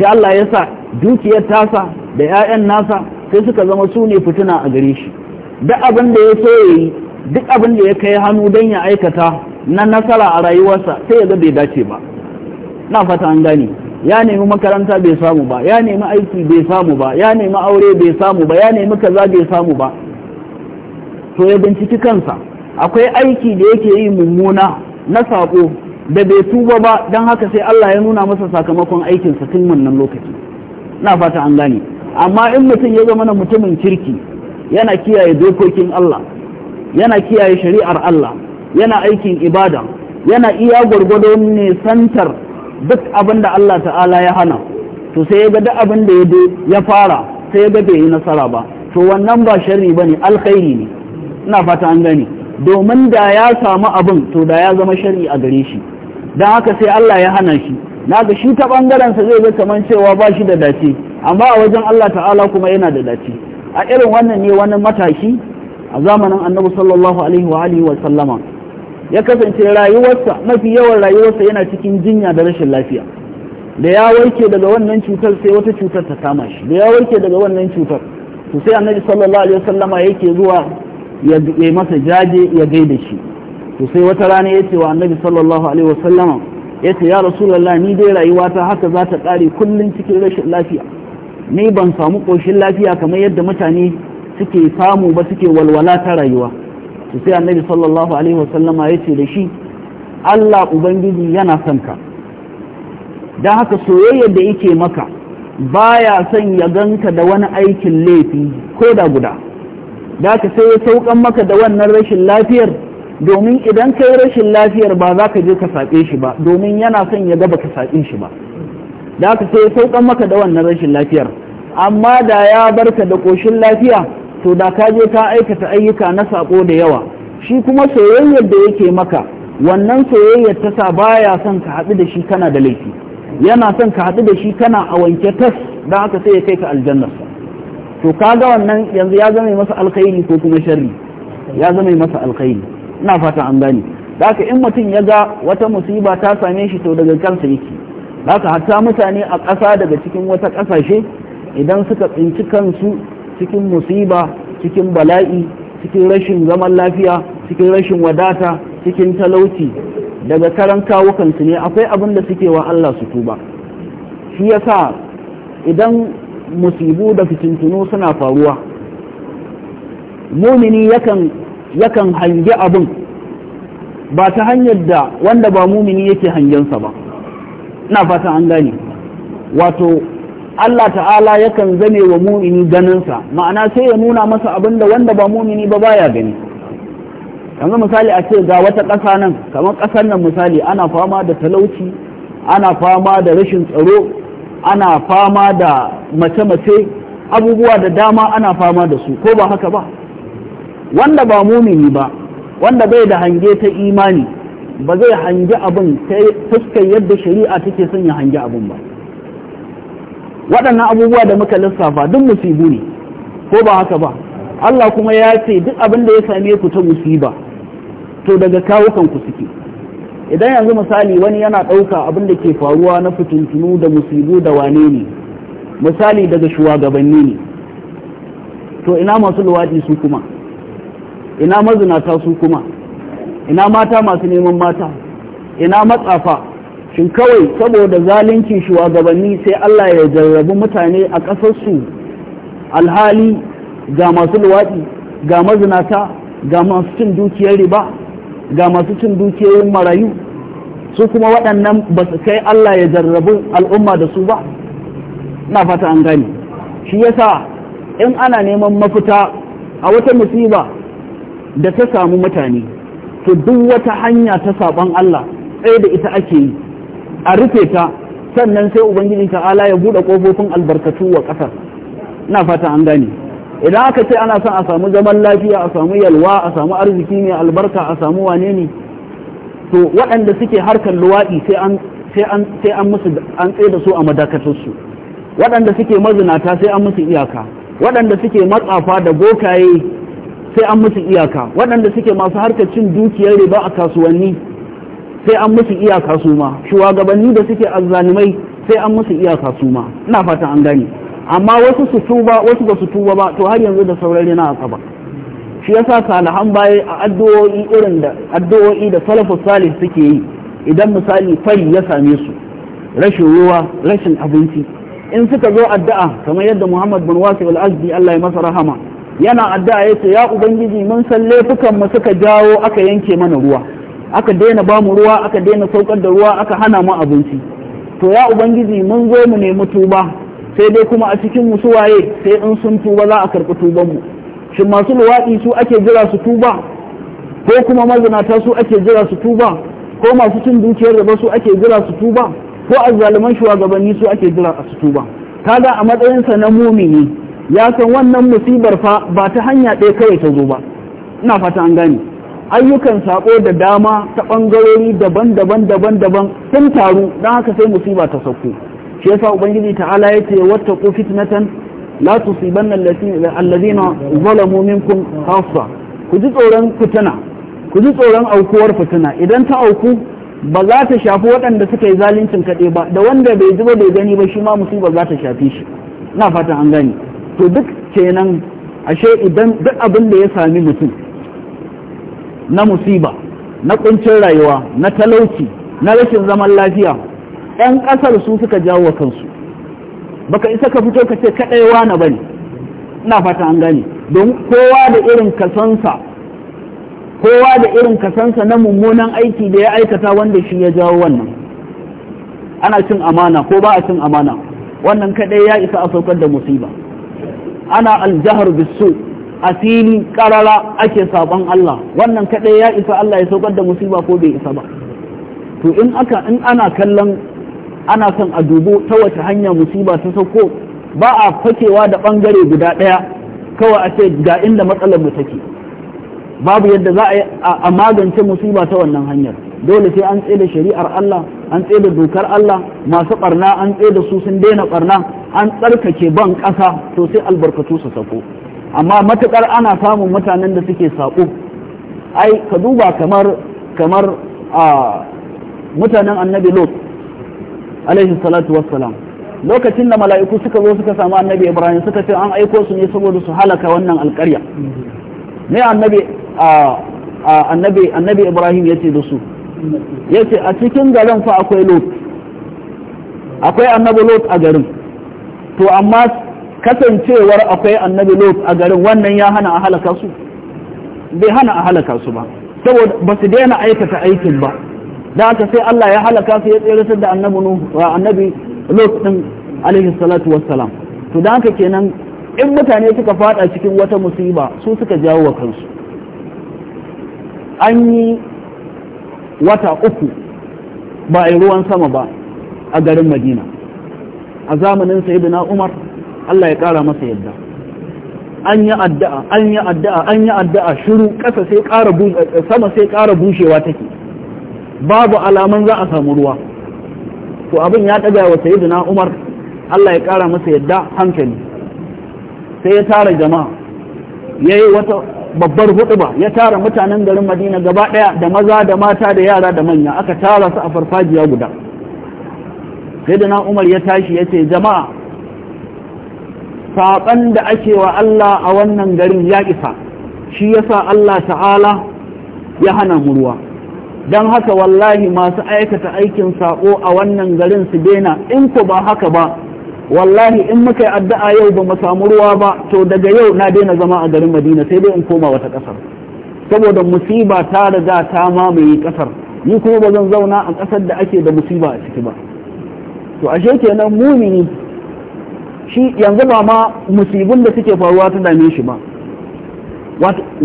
Speaker 1: sai Allah ya sa dukiyar tasa da ‘ya'yan nasa sai suka zama su ne fituna a gare shi duk abin da ya so ya yi duk abin da ya kai hannu don ya aikata na nasara a rayuwarsa sai ya ga bai dace ba na fata an gane ya nemi makaranta bai samu ba ya nemi aiki bai samu ba ya nemi aure bai samu ba ya nemi kaza bai samu ba to ya binciki kansa akwai aiki da yake yi mummuna na sako da bai tuba ba don haka sai Allah ya nuna masa sakamakon aikinsa tun wannan lokaci na fata an gane amma in mutum ya zama na mutumin kirki yana kiyaye dokokin Allah yana kiyaye shari'ar Allah yana aikin ibada yana iya gwargwado nisantar duk abin da Allah ta'ala ya hana to sai ya ga duk abin da ya fara sai ya ga bai yi nasara ba to wannan ba sharri bane alkhairi ne ina fata an gani domin da ya samu abin to da ya zama shari a gare shi don haka sai Allah ya hana shi naga shi ta sa zai ga kamar cewa ba shi da dace amma a wajen Allah ta'ala kuma yana da dace a irin wannan ne wani matashi a zamanin annabi sallallahu alaihi wa alihi wa sallama ya kasance rayuwarsa mafi yawan rayuwarsa yana cikin jinya da rashin lafiya da ya warke daga wannan cutar sai wata cutar ta kama shi da ya warke daga wannan cutar to sai annabi sallallahu alaihi wasallama yake zuwa ya masa jaje ya gaida shi to sai wata rana yace wa annabi sallallahu alaihi wasallama yace ya rasulullah ni dai rayuwata haka za ta kare kullum cikin rashin lafiya ni ban samu ƙoshin lafiya kamar yadda mutane suke samu ba suke walwala ta rayuwa su sai annabi sallallahu alaihi wasallama ya ce da shi Allah ubangiji yana son ka don haka soyayyar da yake maka baya son ya ganka da wani aikin laifi ko da guda da haka sai ya saukan maka da wannan rashin lafiyar domin idan kai rashin lafiyar ba za ka je ka saƙe shi ba domin yana son ya gaba ka saɓe shi ba da aka sai saukan maka da wannan rashin lafiyar amma da ya barka da koshin lafiya to da ka je ka aikata ayyuka na sako da yawa shi kuma soyayyar da yake maka wannan soyayyar ta sa baya son ka haɗu da shi kana da laifi yana son ka haɗu da shi kana a wanke tas don haka sai ya kai ka aljannar to kaga wannan yanzu ya zama masa alkhairi ko kuma sharri ya zama masa alkhairi ina fata an gane da haka in mutum ya ga wata musiba ta same shi to daga kansa yake haka hatta mutane a ƙasa daga cikin wata ƙasashe idan suka tsinci kansu cikin musiba cikin bala'i cikin rashin zaman lafiya cikin rashin wadata cikin talauci daga karan kawukansu ne akwai abin da suke wa Allah su tuba shi yasa idan musibu da fitintunu suna faruwa mumini yakan yakan hangi abin ba ta hanyar da wanda ba mumini yake hangensa ba ina fatan an gane wato Allah ta'ala yakan zame wa mu'mini ganinsa ma'ana sai ya nuna masa abin da wanda ba mu'mini ba baya gani yanzu misali a ce ga wata ƙasa nan kamar ƙasar nan misali ana fama da talauci ana fama da rashin tsaro ana fama da mace-mace abubuwa da dama ana fama da su ko ba haka ba wanda ba mumini ba wanda bai da hange ta imani ba zai hangi abin fuskar yadda shari'a take son ya hangi abin ba waɗannan abubuwa da muka lissafa duk musibu ne ko ba haka ba Allah kuma ya ce duk abin da ya same ku ta musiba to daga kawukan ku suke idan yanzu misali wani yana ɗauka abin da ke faruwa na fitintunu da musibu da wane ne misali daga shugabanni ne to ina masu luwaɗi su kuma ina mazinata su kuma ina mata masu neman mata ina matsafa shin kawai saboda zalunci shugabanni sai Allah ya jarrabu mutane a ƙasarsu alhali ga masu luwaɗi ga mazinata ga masu cin dukiyar riba ga masu cin dukiyoyin marayu su kuma waɗannan ba su kai Allah ya jarrabu al'umma da su ba na fata an gani shi yasa in ana neman mafita a wata musiba da ta samu mutane to duk wata hanya ta saban Allah tsaye da ita ake yi a rufe ta sannan sai ubangiji ala ya buɗe ƙofofin albarkatu wa ƙasar na fata an gane idan aka ce ana son a samu zaman lafiya a samu yalwa a samu arziki mai albarka a samu wane ne to waɗanda suke harkar luwaɗi sai an sai an musu an tsaye da su a madakatarsu waɗanda suke mazinata sai an musu iyaka waɗanda suke matsafa da bokaye sai an musu iyaka waɗanda suke masu harkar cin dukiyar riba a kasuwanni sai an musu iyaka su ma shugabanni da suke azzalumai sai an musu iyaka su ma ina fatan an gani amma wasu su tuba wasu ba su tuba ba to har yanzu da saurari na akaba shi yasa salihan baya a addu'o'i irin da addu'o'i da salafu salih suke yi idan misali fari ya same su rashin ruwa rashin abinci in suka zo addu'a kamar yadda Muhammad bin Wasi al-Azdi Allah ya masa rahama yana addu'a ce ya ubangiji mun san laifukan mu suka jawo aka yanke mana ruwa aka daina ba mu ruwa aka daina saukar da ruwa aka hana mu abinci to ya ubangiji mun zo mu nemi tuba sai dai kuma a cikin mu waye sai in sun tuba za a karɓi tuban mu shin masu luwaɗi su ake jira su tuba ko kuma mazinata su ake jira su tuba ko masu cin dukiyar riba su ake jira su tuba ko azzaluman shugabanni su ake jira su tuba kaga a matsayinsa na mumini ya san wannan musibar fa ba ta hanya ɗaya kawai ta zo ba ina fata an gani. ayyukan saƙo da dama ta ɓangarori daban-daban daban-daban sun taru don haka sai musiba ta sauko shi yasa ubangiji ta'ala ya ce wata ko fitnatan la tusibanna allazina zalamu minkum khassa ku ji tsoron fitina ku ji tsoron aukuwar fitina idan ta auku ba za ta shafi waɗanda suka yi zaluncin kaɗai ba da wanda bai ji ba bai gani ba shi ma musiba za ta shafi shi ina fatan an gani to duk kenan ashe idan duk abin da ya sami mutum na musiba na kuncin rayuwa na talauci na rashin zaman lafiya ɗan ƙasar su suka jawo wa kansu baka isa ka fito ka ce kaɗai na ba ne ina fata an gane don kowa da irin kasansa kowa da irin kasansa na mummunan aiki da ya aikata wanda shi ya jawo wannan ana cin amana ko ba a cin amana wannan kaɗai ya isa a saukar da musiba ana aljahar bisu a fili karara ake sabon Allah wannan kaɗai ya isa Allah ya saukar da musiba ko bai isa ba to in aka in ana kallon ana son a dubo ta wace hanya musiba ta sauko ba a fakewa da ɓangare guda ɗaya kawai a ce ga inda matsalar mu take babu yadda za a magance musiba ta wannan hanyar dole sai an tsaye shari'ar Allah an tsaye da dokar Allah masu barna an tsaye da su sun daina barna an tsarkake ban ƙasa to sai albarkatu su sako amma matukar ana samun mutanen da suke sako ai ka duba kamar kamar a mutanen annabi lot alaihi salatu wassalam lokacin da mala'iku suka zo suka samu annabi ibrahim suka ce an aiko su ne saboda su halaka wannan alƙarya ne mm-hmm. annabi annabi annabi ibrahim ya ce da su yace a cikin garin fa akwai lot akwai annabi lot a garin to amma kasancewar akwai annabi lot a garin wannan ya hana a halaka su bai hana a halaka su ba saboda ba su daina aikata aikin ba da aka sai Allah ya halaka su ya tsere da annabi annabi lot din alaihi salatu wassalam to da haka kenan in mutane suka fada cikin wata musiba su suka jawo wa kansu an yi wata uku ba a ruwan sama ba a garin madina a zamanin sayyidina umar allah ya ƙara masa yadda an yi addu'a an yi addu'a an yi addu'a shiru ƙasa sai ƙara sama sai ƙara bushewa take babu alaman za a samu ruwa to abin ya ɗaga wa sayyidina umar allah ya ƙara masa yadda hankali sai ya tara jama'a ya yi wata babbar huduma ya tara mutanen garin madina gaba daya da maza da mata da yara da manya aka tara su a farfajiya guda sai da umar ya tashi ya ce jama'a saƙon da ake wa allah a wannan garin ya isa shi yasa allah ta'ala ya hana mu ruwa don haka wallahi masu aikata aikin saƙo a wannan garin su dena in ku ba haka ba wallahi in muka yi addu'a yau ba mu samu ruwa ba to daga yau na daina zama a garin madina sai dai in koma wata kasar saboda musiba ta riga ta mamaye ƙasar ni kuma ba zan zauna a kasar da ake da musiba a ciki ba to ashe kenan mumini shi yanzu ba ma musibin da suke faruwa ta dame shi ba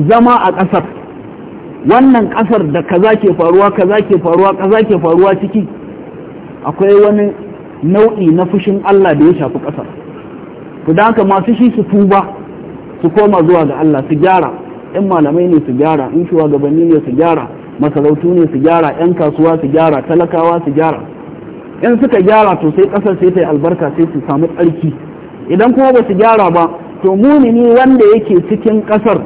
Speaker 1: zama a ƙasar wannan ƙasar da kaza ke faruwa kaza ke faruwa kaza ke faruwa ciki akwai wani nau'i na fushin Allah da ya shafi ƙasar ku da haka masu shi su tuba su koma zuwa ga Allah su gyara Yan malamai ne su gyara in shugabanni ne su gyara masarautu ne su gyara yan kasuwa su gyara talakawa su gyara in suka gyara to sai ƙasar sai ta yi albarka sai su samu tsarki idan kuma ba su gyara ba to mumini wanda yake cikin ƙasar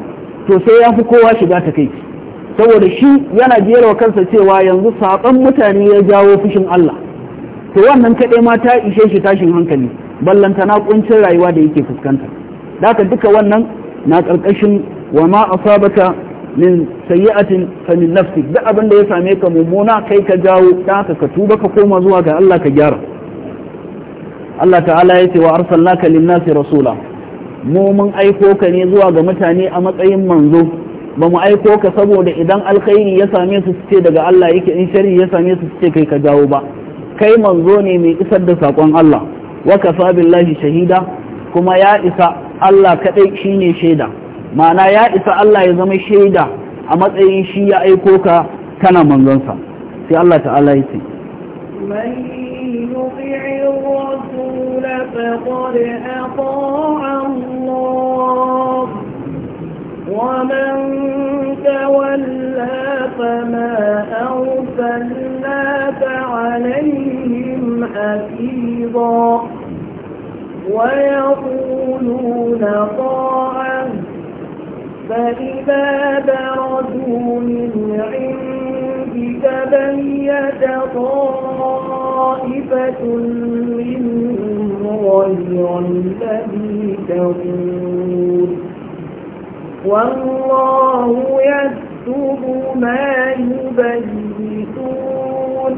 Speaker 1: to sai ya fi kowa shiga ta kai saboda shi yana jera kansa cewa yanzu saƙon mutane ya jawo fushin Allah to wannan kaɗai ma ta ishe shi tashin hankali ballantana kuncin rayuwa da yake fuskanta daka duka wannan na ƙarƙashin wa ma asabaka min sayyi'atin fa min nafsi duk abin da ya same ka mummuna kai ka jawo ta haka ka tuba ka koma zuwa ga Allah ka gyara Allah ta'ala ya ce wa arsalnaka lin-nasi rasula mu mun aiko ka ne zuwa ga mutane a matsayin manzo ba mu aiko ka saboda idan alkhairi ya same su su ce daga Allah yake in shari ya same su su ce kai ka jawo ba kai manzo ne mai isar da sakon Allah wa kafa billahi shahida kuma ya isa Allah kadai shine shaida ma'ana ya isa Allah ya zama shaida a matsayin shi ya aiko ka kana manzonsa sai Allah ta'ala ya ce
Speaker 2: man yuti'i ومن تولى فما أرسلناك عليهم حفيظا ويقولون طاعة فإذا بردوا من عندك بيت طائفة منهم غير الذي تقول والله يكتب ما يبيتون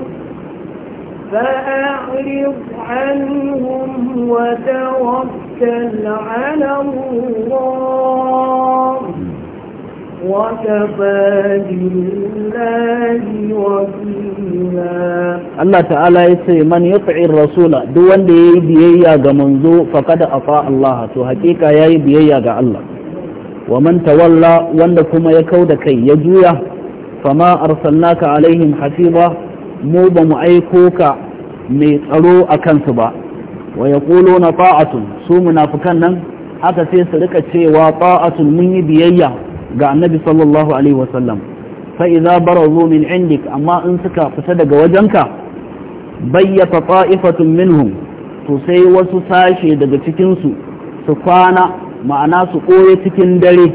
Speaker 2: فأعرض عنهم وتوكل على الله وكفى بالله وكيلا
Speaker 1: الله تعالى يسي من يطع الرسول دون دي بيئيا منذ فقد أطاع الله تو حقيقة يا بيئيا الله wa man tawalla wanda kuma ya kau da kai ya juya fama arsalnaka alaihim hasiba mu ba mu aiko ka mai tsaro a kansu ba wa yaquluna ta'atun su munafikan nan haka sai su rika cewa ta'atun mun yi biyayya ga annabi sallallahu alaihi wasallam fa idza barazu min indik amma in suka fita daga wajenka bayyata ta'ifatun minhum to sai wasu sashe daga cikin su su kwana ma'ana su koye cikin dare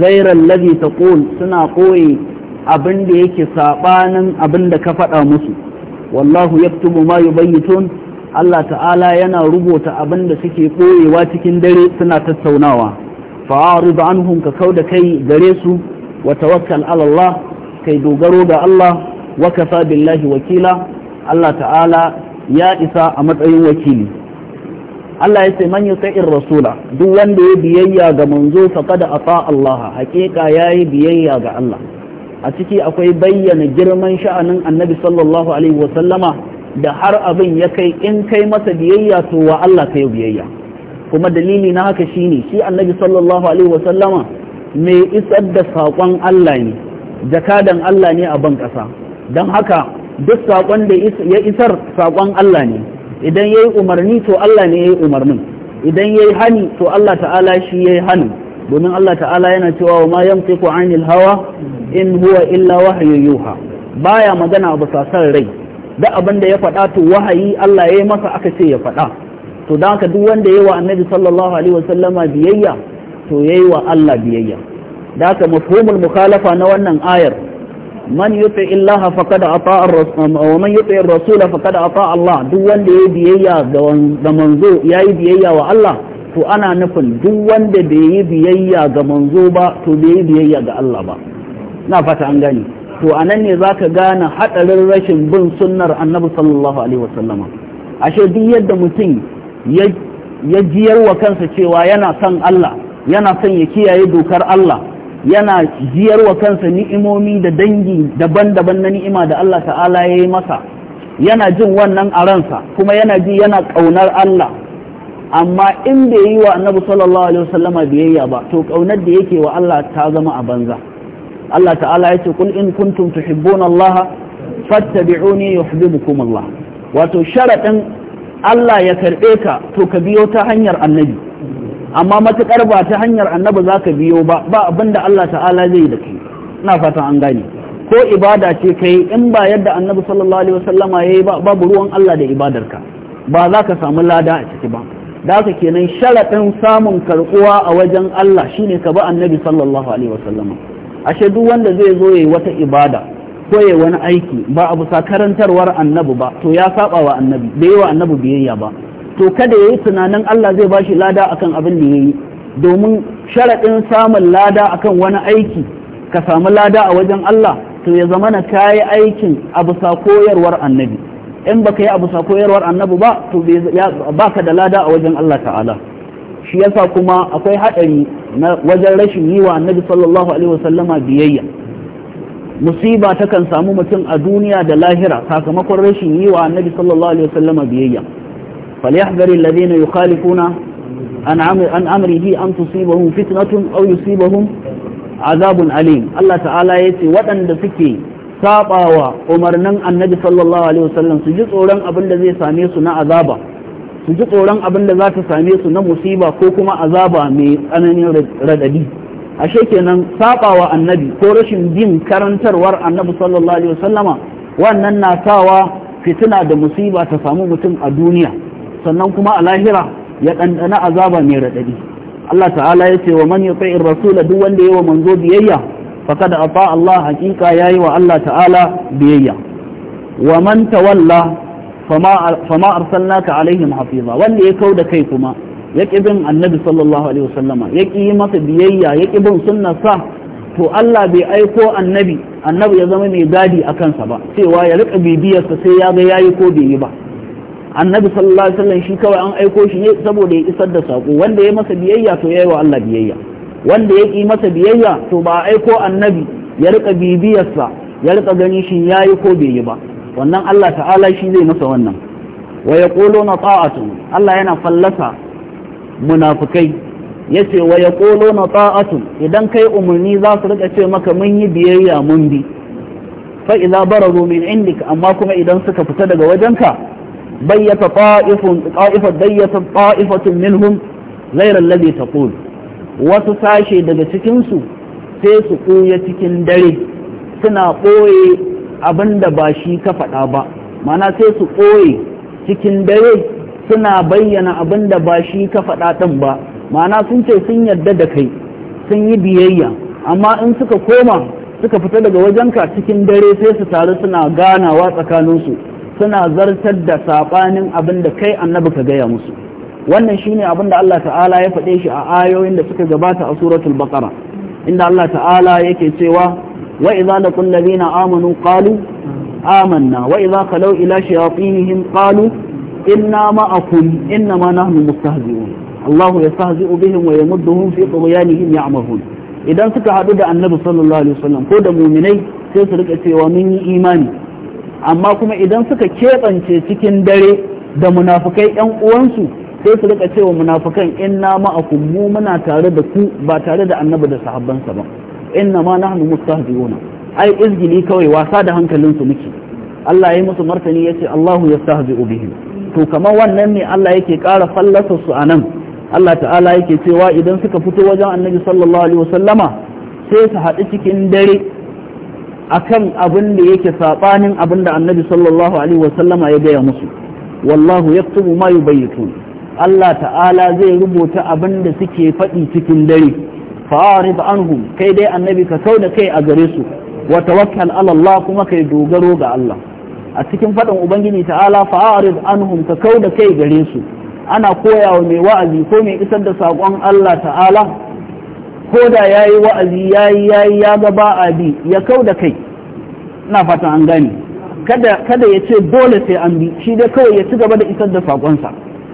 Speaker 1: zairan ladhi taqul suna koye abin da yake sabanin abin da ka faɗa musu wallahu ya ma yubayyitun Allah ta'ala yana rubuta abin da suke koyewa cikin dare suna tattaunawa fa'arid anhum ka da kai gare su wa tawakkal ala Allah kai dogaro ga Allah wa kafa billahi wakila Allah ta'ala ya isa a matsayin wakili Allah ya ce man sain rasula duk wanda ya biyayya ga manzo faqad ata Allah hakika yi biyayya ga Allah a ciki akwai bayyana girman sha'anin annabi sallallahu alaihi wa da har abin ya kai in kai masa biyayya to wa Allah kai biyayya kuma dalili na haka shine shi annabi sallallahu alaihi wa mai isar da saƙon Allah ne jakadan Allah ne a ban ƙasa don haka duk saƙon da ya isar saƙon Allah ne idan ya yi umarni to Allah ne ya yi umarnin idan ya yi hani to Allah ta'ala shi ya yi hani domin Allah ta'ala yana cewa wa ma yamtiku anil hawa in huwa illa wahayu yuha baya magana abu sasar rai da abin da ya faɗa to wahayi Allah ya yi masa aka ce ya faɗa to da haka duk wanda ya wa annabi sallallahu alaihi biyayya to yayi wa Allah biyayya da haka mafhumul mukhalafa na wannan ayar man yuti illaha faqad ata um, wa man yuti ar-rasul faqad ata Allah duk wanda yayi biyayya ga manzo yayi biyayya wa Allah to ana nufin duk wanda bai yi biyayya ga manzo ba to bai yi biyayya ga Allah ba na fata an gani to anan ne zaka gane hadarin rashin bin sunnar annabi sallallahu alaihi wasallama ashe duk yadda mutum ya jiyar wa kansa cewa yana son Allah yana son ya kiyaye dokar Allah yana ziyarwa kansa ni'imomi da dangi daban-daban na ni'ima da Allah ta'ala ya yi masa yana jin wannan a ransa kuma yana ji yana ƙaunar Allah amma in bai yi wa annabi sallallahu alaihi wasallama biyayya ba to ƙaunar da yake wa Allah ta zama a banza Allah ta'ala ya ce kul in kuntum tuhibbuna Allah fattabi'uni yuhibbukum Allah wato sharadin Allah ya karbe ka to ka biyo ta hanyar annabi amma matukar ba ta hanyar annabi za ka biyo ba ba abinda Allah ta'ala zai da kai ina fatan an gane ko ibada ce kai in ba yadda annabi sallallahu alaihi wasallama yayi ba babu ruwan Allah da ibadarka ba za ka samu lada a ciki ba da haka kenan sharaɗin samun karɓuwa a wajen Allah shine ka bi annabi sallallahu alaihi wasallama ashe duk wanda zai zo yayi wata ibada ko yayi wani aiki ba abu sa karantarwar annabi ba to ya saba wa annabi bai wa annabi biyayya ba to kada ya yi tunanin Allah zai bashi lada akan abin da ya yi domin sharaɗin samun lada akan wani aiki ka samu lada a wajen Allah to ya zama ta yi aikin abu sa koyarwar annabi in baka yi abu sa koyarwar annabi ba to ba ka da lada a wajen Allah ta'ala shi yasa kuma akwai haɗari na wajen rashin yi wa annabi sallallahu alaihi wasallama biyayya musiba ta kan samu mutum a duniya da lahira sakamakon rashin yi wa annabi sallallahu alaihi wasallama biyayya فليحذر الذين يخالفون عن أمره أن تصيبهم فتنة أو يصيبهم azabun alim Allah ta'ala ya ce waɗanda suke saɓawa umarnin annabi sallallahu alaihi wasallam su ji tsoron abin da zai same su na azaba su ji tsoron abin da za same su na musiba ko kuma azaba mai tsananin radadi ashe kenan saɓawa annabi ko rashin bin karantarwar annabi sallallahu alaihi wasallama wannan na sawa fitina da musiba ta samu mutum a duniya sannan kuma a lahira ya ɗanɗana azaba mai raɗaɗi Allah ta'ala ya ce wa man ya tsayin rasula duk wanda ya wa manzo biyayya fakada a fa Allah hakika ya yi wa Allah ta'ala biyayya wa man tawalla fama ka alaihim hafiza wanda ya kau da kai kuma ya ƙi bin annabi sallallahu alaihi wasallama ya ƙi yi masa biyayya ya ƙi bin sa, to Allah bai aiko annabi annabi ya zama mai gadi a kansa ba cewa ya riƙa bibiyarsa sai ya ga yayi ko bai yi ba annabi sallallahu alaihi wasallam shi kawai an aiko shi ne saboda ya isar da sako wanda ya masa biyayya to yayi wa Allah biyayya wanda ya ki masa biyayya to ba a aiko annabi ya rika bibiyarsa ya rika gani shi yayi ko bai yi ba wannan Allah ta'ala shi zai masa wannan wa yaquluna ta'atun Allah yana fallasa munafikai yace wa yaquluna ta'atun idan kai umarni za su rika ce maka mun yi biyayya mun bi fa idza barazu min indika amma kuma idan suka fita daga wajenka بيت طائف طائفة بيت طائفة منهم غير الذي تقول وتساشي دقسكنسو سيسو قويتكن دري سنا قوي abin da ba shi ka faɗa ba mana sai su ɓoye cikin dare suna bayyana abinda da ba shi ka faɗa ɗin ba mana sun ce sun yarda da kai sun yi biyayya amma in suka koma suka fita daga wajenka cikin dare sai su taru suna ganawa tsakaninsu suna zartar da saɓanin abin da kai annabi ka gaya musu wannan shine abin da Allah ta'ala ya faɗe shi a ayoyin da suka gabata a suratul baqara inda Allah ta'ala yake cewa wa idza laqul ladina amanu qalu amanna wa idza khalaw ila shayatinihim qalu inna ma'akum inna ma nahnu mustahzi'un Allah yastahzi'u bihim wa yamudduhum fi tughyanihim ya'mahun idan suka hadu da annabi sallallahu alaihi wasallam ko da mu'minai sai su rika cewa mun yi imani amma kuma idan suka keɓance cikin dare da munafukai yan uwansu sai su rika cewa munafukan inna ma'akum mu muna tare da ku ba tare da annabi da sahabbansa ba inna ma nahnu mustahzi'una ai izgili kawai wasa da su muke Allah ya musu martani yace Allahu yastahzi'u bihim to kamar wannan ne Allah yake ƙara fallasa su anan Allah ta'ala yake cewa idan suka fito wajen annabi sallallahu alaihi wasallama sai su haɗu cikin dare akan abin da yake saɓanin abin da annabi sallallahu alaihi wasallama ya gaya musu wallahu yaktubu ma yubayyitun Allah ta'ala zai rubuta abin da suke faɗi cikin dare fa'arid anhum kai dai annabi ka da kai a gare su wa tawakkal ala Allah kuma kai dogaro ga Allah a cikin faɗin ubangiji ta'ala fa'arid anhum ka da kai gare su ana koyawa mai wa'azi ko mai isar da saƙon Allah ta'ala ko da ya yi wa'azi ya yi ya yi ya ba a bi ya kau da kai na fatan an gani kada ya ce dole sai an bi shi dai kawai ya ci gaba da isar da saƙonsa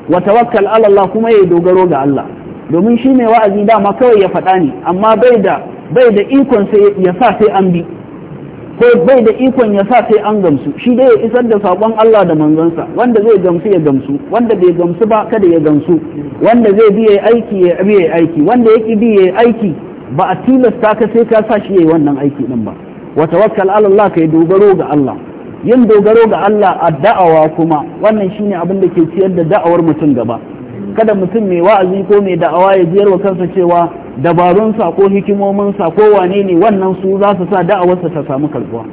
Speaker 1: wa tawakkal Allah kuma ya dogaro ga Allah domin shi mai wa'azi dama kawai ya faɗa ne amma bai da bai da ikon sai ya sa sai an bi ko bai da ikon ya sa sai an gamsu shi dai ya isar da saƙon Allah da manzansa wanda zai gamsu ya gamsu wanda bai gamsu ba kada ya gamsu wanda zai bi yayi aiki ya bi yayi aiki wanda yake bi yayi aiki ba a tilasta ka sai ka sa shi yayi wannan aiki din ba wa tawakkal ala Allah kai dogaro ga Allah yin dogaro ga Allah a da'awa kuma wannan shine abin da ke ciyar da da'awar mutum gaba kada mutum mai wa'azi ko mai da'awa ya jiyar wa kansa cewa dabarunsa ko hikimominsa ko wane ne wannan su za su sa da'awarsa ta samu karbuwa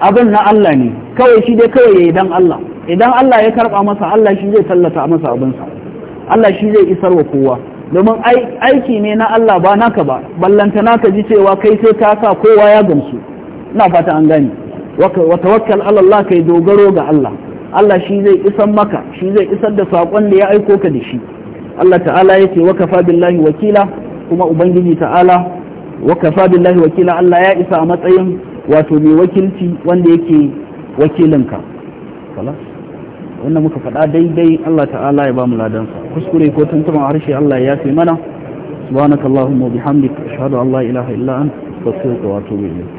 Speaker 1: abin na Allah ne kawai shi dai kawai ya dan Allah idan Allah ya karba masa Allah shi zai tallata masa abinsa Allah shi zai isar wa kowa domin aiki ne na Allah ba naka ba ballanta naka ji cewa kai sai ka sa kowa ya gamsu ina fata an gani wa tawakkal ala Allah kai dogaro ga Allah Allah shi zai isar maka shi zai isar da sakon da ya aiko ka da shi Allah ta'ala yake wa kafa billahi wakila kuma ubangiji ta'ala wa kafa billahi wakila Allah ya isa a matsayin wato mai wakilci wanda yake wakilinka wannan muka faɗa daidai Allah ta'ala ya ba mu ladansa kuskure ko tuntuban harshe Allah ya fi mana subhanakallahumma bihamdika ashhadu an la ilaha illa anta astaghfiruka wa atubu ilayk